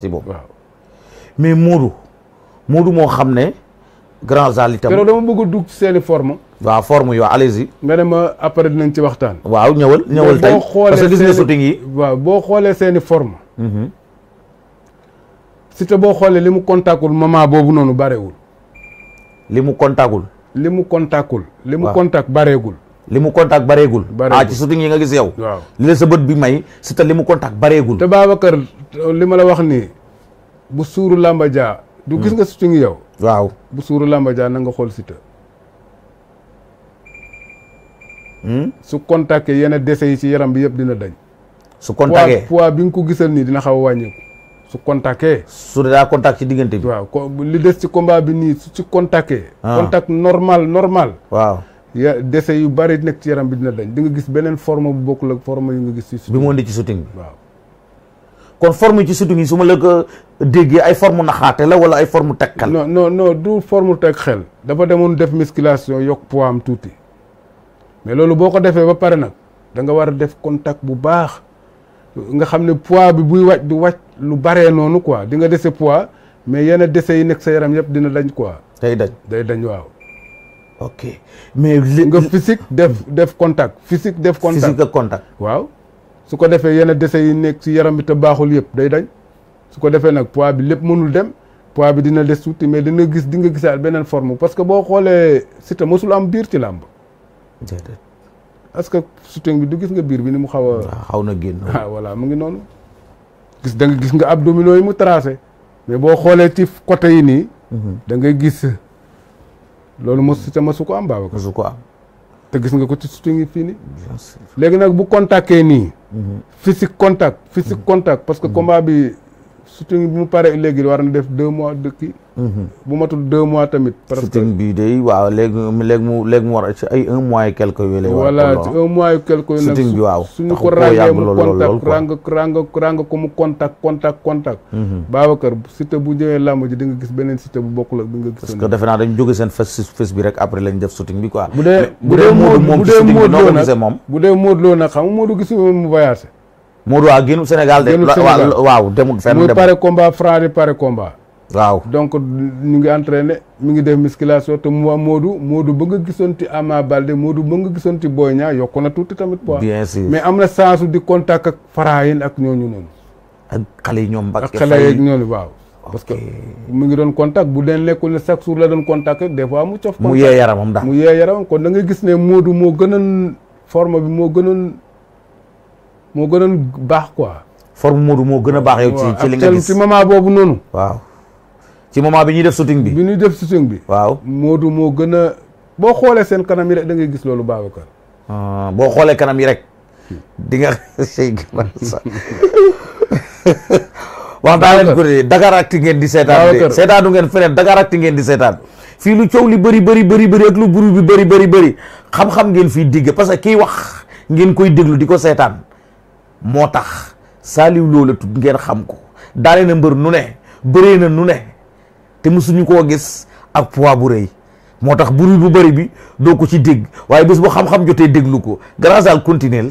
ci boobu mais Modou Modou moo xam ne grand zal itam dama bëgg a dugg seeni forme waaw forme yoo allez-y nga ne ma après dinañ ci waxtaan waaw ñëwal ñëwal tey parce que gis nga shooting yi waaw boo xoolee seeni forme mm-hmm. si te boo xoolee li mu kontaakul moment boobu noonu bareewul li mu kontaakul li mu kontaakul li mu kontaak bareegul li mu contact bareegul ah ci shooting yi nga gis yow li la sa bi may si te li mu contact bareegul li ma la wax nii bu suuru làmba du gis hmm. nga Siteu ngi yow waaw bu suuru làmbajaa jaa na nga xool Siteu hmm? su contacté yenn dese yi ci yaram bi yëpp dina dañ su contacté poids bi nga ko gisal nii dina xaw a wàññeeku su contacté su daa contact ci diggante bi waaw li des ci combat bi nii su ci contacté ah. contact normal normal waaw ya dese yu bari nekk ci yaram bi dina dañ di nga gis beneen forme bu bokkul ak forme yu nga gis ci bi moo ndi ci bi waaw kon forme ci sutu gi su la ko déggee ay forme na xaté la wala ay forme tekkal non non non du forme tek xel dafa demone def musculation yok poids am touti mais lolu boko ko ba paré nak da nga wara def contact bu baax nga xamné poids bi buy wacc du wacc lu baré noonu quoi di nga déssé poids mais yena déssé yi nek sa yaram yépp dina lañ quoi day dañ day dañ waaw ok mais nga physique def def contact physique def contact physique de contact waaw su ko defee yenn déchets yi nekk ci yaram bi te baaxul yëpp day dañ su ko defee nag poids bi lépp mënul dem poids bi dina des tuuti mais dina gis dinga nga gisaat forme parce que boo xoolee Siteu mosul am biir ci làmb parce que Siteu bi du gis nga biir bi ni mu xaw a. Ah, xaw na génn. ah mu ngi noonu. gis da nga gis nga ab abdominaux yi mu tracé mais boo xoolee ci côté yi nii. Mhm. da ngay gis loolu mos Siteu mosu ko am. baax ko am te gis nga ko ci Siteu ngi fii nii. léegi nag bu contacté nii. physique contact physique mm-hmm. contact parce que mm-hmm. combat bi shooting bi mu paree léegi war def deux mois de kii. Mhm. bu matul deux mois tamit. parce shooting bi day waaw léegi léegi mu léegi mu war a ci ay un mois et quelques yooyu lay. voilà ci shooting bi waaw suñu ko ràngee mu contact ràng ràng ràng ko mu contact contact contact. Mhm. Babacar Siteu bu ñëwee làmb ji nga gis beneen Siteu bu bokkul ak bi nga gis. parce que seen fes fes bi rek après def shooting bi bu dee bu dee Modou moom bu dee Modou Lo nag bu dee Modou Lo nag xam nga Modou Modou Lo génn Sénégal de. waaw demul fenn demul muy pare combat Franc di pare combat. waaw donc ñu ngi entraîné mu ngi def musculation te mu Modou Modou ba nga gisoon ci Ama Balde Modou ba nga gisoon ci na tuuti tamit. poids mais am na sens di contact ak Franc yi ak ñooñu noonu. ak xale ñoom. ak xale yeeg ñooñu waaw. parce que mu ngi doon contact bu dee nekkul ne jour la doon contact des fois mu. cof contact mu yee yaramam daal gis ne Modou moo gënoon forme bi moo gënoon. mo gënoon bax quoi. forme Modou mo gëna bax yow. ci ci li nga gis ci moment bobu noonu. waaw ci moment bi ñi def shooting bi. bi ñuy def shooting bi. waaw Modou mo gëna bo xolé sen kanam yi rek da ngay gis loolu ah bo xolé kanam yi rek di nga sey sa wa dalen ko ak ti ngeen di di de du ngeen ak ti ngeen di seetaan fi lu ciow li bari bari bari bari ak lu buru bi bari bari bari xam-xam ngeen fi digge parce que ki wax ngeen koy deglu diko moo tax Saliou Lo la tudd ngeen xam ko daale na mbër nu ne bëree na nu ne te mësuñu koo gis ak poids bu rëy moo tax bruit bu bëri bi doo ko ci dégg waaye bés bu xam-xam jotee déglu ko grâce al continuel